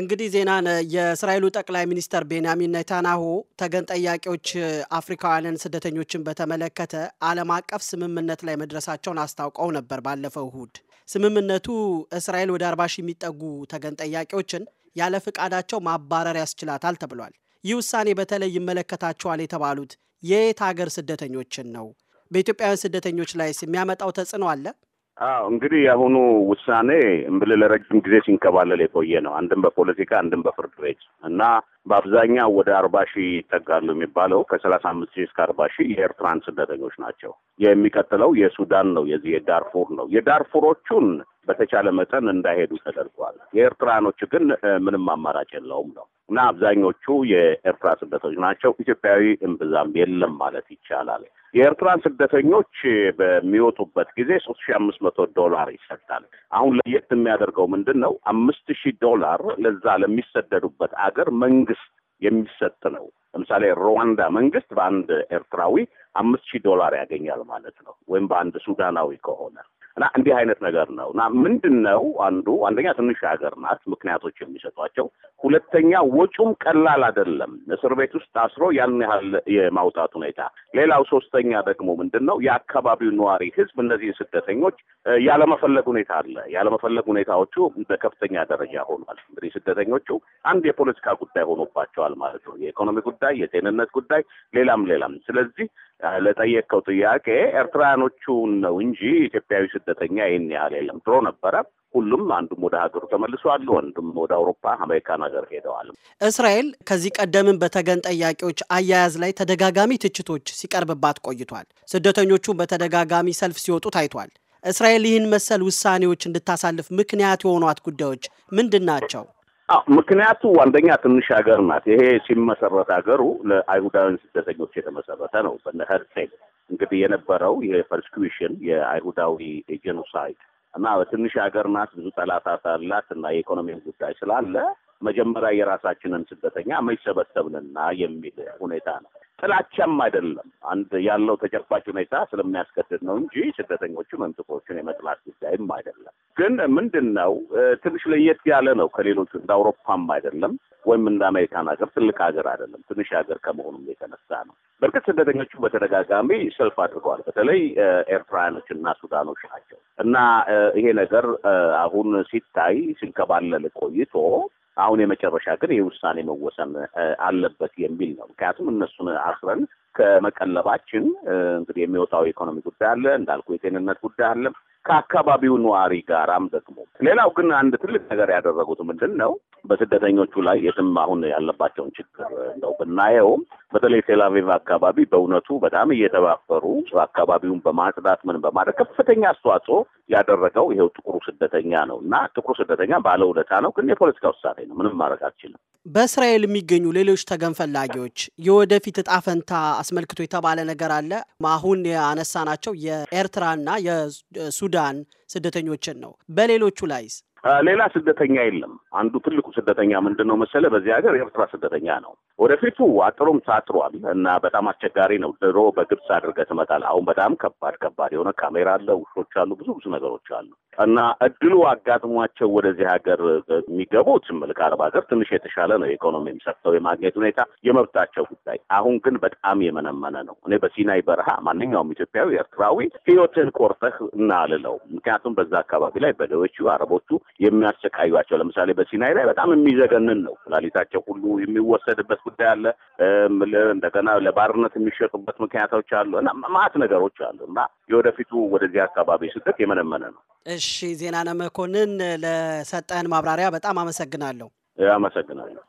እንግዲህ ዜናን የእስራኤሉ ጠቅላይ ሚኒስተር ቤንያሚን ኔታንያሁ ተገን ጠያቂዎች አፍሪካውያንን ስደተኞችን በተመለከተ ዓለም አቀፍ ስምምነት ላይ መድረሳቸውን አስታውቀው ነበር ባለፈው እሁድ። ስምምነቱ እስራኤል ወደ አርባ ሺህ የሚጠጉ ተገን ጠያቂዎችን ያለ ፍቃዳቸው ማባረር ያስችላታል ተብሏል። ይህ ውሳኔ በተለይ ይመለከታቸዋል የተባሉት የየት ሀገር ስደተኞችን ነው? በኢትዮጵያውያን ስደተኞች ላይስ የሚያመጣው ተጽዕኖ አለ? አዎ እንግዲህ የአሁኑ ውሳኔ እምብል ለረጅም ጊዜ ሲንከባለል የቆየ ነው። አንድም በፖለቲካ አንድም በፍርድ ቤት እና በአብዛኛው ወደ አርባ ሺህ ይጠጋሉ የሚባለው ከሰላሳ አምስት ሺህ እስከ አርባ ሺህ የኤርትራን ስደተኞች ናቸው። የሚቀጥለው የሱዳን ነው፣ የዚህ የዳርፉር ነው። የዳርፉሮቹን በተቻለ መጠን እንዳይሄዱ ተደርጓል። የኤርትራኖች ግን ምንም አማራጭ የለውም ነው እና አብዛኞቹ የኤርትራ ስደተኞች ናቸው። ኢትዮጵያዊ እምብዛም የለም ማለት ይቻላል። የኤርትራን ስደተኞች በሚወጡበት ጊዜ ሶስት ሺ አምስት መቶ ዶላር ይሰጣል። አሁን ለየት የሚያደርገው ምንድን ነው? አምስት ሺህ ዶላር ለዛ ለሚሰደዱበት አገር መንግስት የሚሰጥ ነው። ለምሳሌ ሩዋንዳ መንግስት በአንድ ኤርትራዊ አምስት ሺህ ዶላር ያገኛል ማለት ነው። ወይም በአንድ ሱዳናዊ ከሆነ እና እንዲህ አይነት ነገር ነው እና ምንድን ነው አንዱ አንደኛ ትንሽ ሀገር ናት፣ ምክንያቶች የሚሰጧቸው ሁለተኛ ወጪውም ቀላል አይደለም። እስር ቤት ውስጥ አስሮ ያን ያህል የማውጣት ሁኔታ። ሌላው ሶስተኛ ደግሞ ምንድን ነው የአካባቢው ነዋሪ ህዝብ እነዚህ ስደተኞች ያለመፈለግ ሁኔታ አለ። ያለመፈለግ ሁኔታዎቹ በከፍተኛ ደረጃ ሆኗል። እንግዲህ ስደተኞቹ አንድ የፖለቲካ ጉዳይ ሆኖባቸዋል ማለት ነው። የኢኮኖሚ ጉዳይ፣ የጤንነት ጉዳይ፣ ሌላም ሌላም። ስለዚህ ለጠየቀው ጥያቄ ኤርትራውያኖቹን ነው እንጂ ኢትዮጵያዊ ስደተኛ ይህን ያህል የለም። ድሮ ነበረ። ሁሉም አንዱም ወደ ሀገሩ ተመልሷል፣ ወንድም ወደ አውሮፓ አሜሪካን ሀገር ሄደዋል። እስራኤል ከዚህ ቀደምም በተገን ጠያቂዎች አያያዝ ላይ ተደጋጋሚ ትችቶች ሲቀርብባት ቆይቷል። ስደተኞቹ በተደጋጋሚ ሰልፍ ሲወጡ ታይቷል። እስራኤል ይህን መሰል ውሳኔዎች እንድታሳልፍ ምክንያት የሆኗት ጉዳዮች ምንድን ናቸው? አዎ ምክንያቱ አንደኛ ትንሽ ሀገር ናት። ይሄ ሲመሰረት ሀገሩ ለአይሁዳውያን ስደተኞች የተመሰረተ ነው። በነ ሄርትሌ እንግዲህ የነበረው የፐርሲኩሽን የአይሁዳዊ ጄኖሳይድ እና ትንሽ ሀገር ናት፣ ብዙ ጠላታት አላት እና የኢኮኖሚን ጉዳይ ስላለ መጀመሪያ የራሳችንን ስደተኛ መይሰበሰብንና የሚል ሁኔታ ነው። ጥላቻም አይደለም። አንድ ያለው ተጨባጭ ሁኔታ ስለሚያስገድድ ነው እንጂ ስደተኞቹ መንጥቆቹን የመጥላት ጉዳይም አይደለም። ግን ምንድን ነው ትንሽ ለየት ያለ ነው ከሌሎቹ እንደ አውሮፓም አይደለም ወይም እንደ አሜሪካን ሀገር ትልቅ ሀገር አይደለም። ትንሽ ሀገር ከመሆኑም የተነሳ ነው። በእርግጥ ስደተኞቹ በተደጋጋሚ ሰልፍ አድርገዋል። በተለይ ኤርትራውያኖች እና ሱዳኖች ናቸው እና ይሄ ነገር አሁን ሲታይ ሲንከባለል ቆይቶ አሁን የመጨረሻ ግን ይህ ውሳኔ መወሰን አለበት የሚል ነው። ምክንያቱም እነሱን አስረን ከመቀለባችን እንግዲህ የሚወጣው የኢኮኖሚ ጉዳይ አለ እንዳልኩ፣ የጤንነት ጉዳይ አለ ከአካባቢው ነዋሪ ጋራም ደግሞ። ሌላው ግን አንድ ትልቅ ነገር ያደረጉት ምንድን ነው? በስደተኞቹ ላይ የትም አሁን ያለባቸውን ችግር ነው ብናየውም በተለይ ቴላቪቭ አካባቢ በእውነቱ በጣም እየተባፈሩ አካባቢውን በማጽዳት ምን በማድረግ ከፍተኛ አስተዋጽኦ ያደረገው ይሄው ጥቁሩ ስደተኛ ነው እና ጥቁሩ ስደተኛ ባለውለታ ነው፣ ግን የፖለቲካ ውሳኔ ነው። ምንም ማድረግ አልችልም። በእስራኤል የሚገኙ ሌሎች ተገን ፈላጊዎች የወደፊት እጣ ፈንታ አስመልክቶ የተባለ ነገር አለ። አሁን ያነሳናቸው የኤርትራና የሱዳን ስደተኞችን ነው። በሌሎቹ ላይስ ሌላ ስደተኛ የለም። አንዱ ትልቁ ስደተኛ ምንድን ነው መሰለ፣ በዚህ ሀገር የኤርትራ ስደተኛ ነው። ወደፊቱ አጥሩም ታጥሯል እና በጣም አስቸጋሪ ነው። ድሮ በግብፅ አድርገህ ትመጣል። አሁን በጣም ከባድ ከባድ የሆነ ካሜራ አለ፣ ውሾች አሉ፣ ብዙ ብዙ ነገሮች አሉ። እና እድሉ አጋጥሟቸው ወደዚህ ሀገር የሚገቡት ልክ አረብ ሀገር ትንሽ የተሻለ ነው የኢኮኖሚም ሰርተው የማግኘት ሁኔታ የመብታቸው ጉዳይ። አሁን ግን በጣም የመነመነ ነው። እኔ በሲናይ በረሃ ማንኛውም ኢትዮጵያዊ ኤርትራዊ ህይወትን ቆርጠህ እና አልለው። ምክንያቱም በዛ አካባቢ ላይ በሌዎቹ አረቦቹ የሚያሰቃዩቸው ለምሳሌ በሲናይ ላይ በጣም የሚዘገንን ነው። ኩላሊታቸው ሁሉ የሚወሰድበት ጉዳይ አለ። እንደገና ለባርነት የሚሸጡበት ምክንያቶች አሉ እና ማአት ነገሮች አሉ እና የወደፊቱ ወደዚህ አካባቢ ስደት የመነመነ ነው። እሺ ዜናነ መኮንን ለሰጠህን ማብራሪያ በጣም አመሰግናለሁ። አመሰግናለሁ።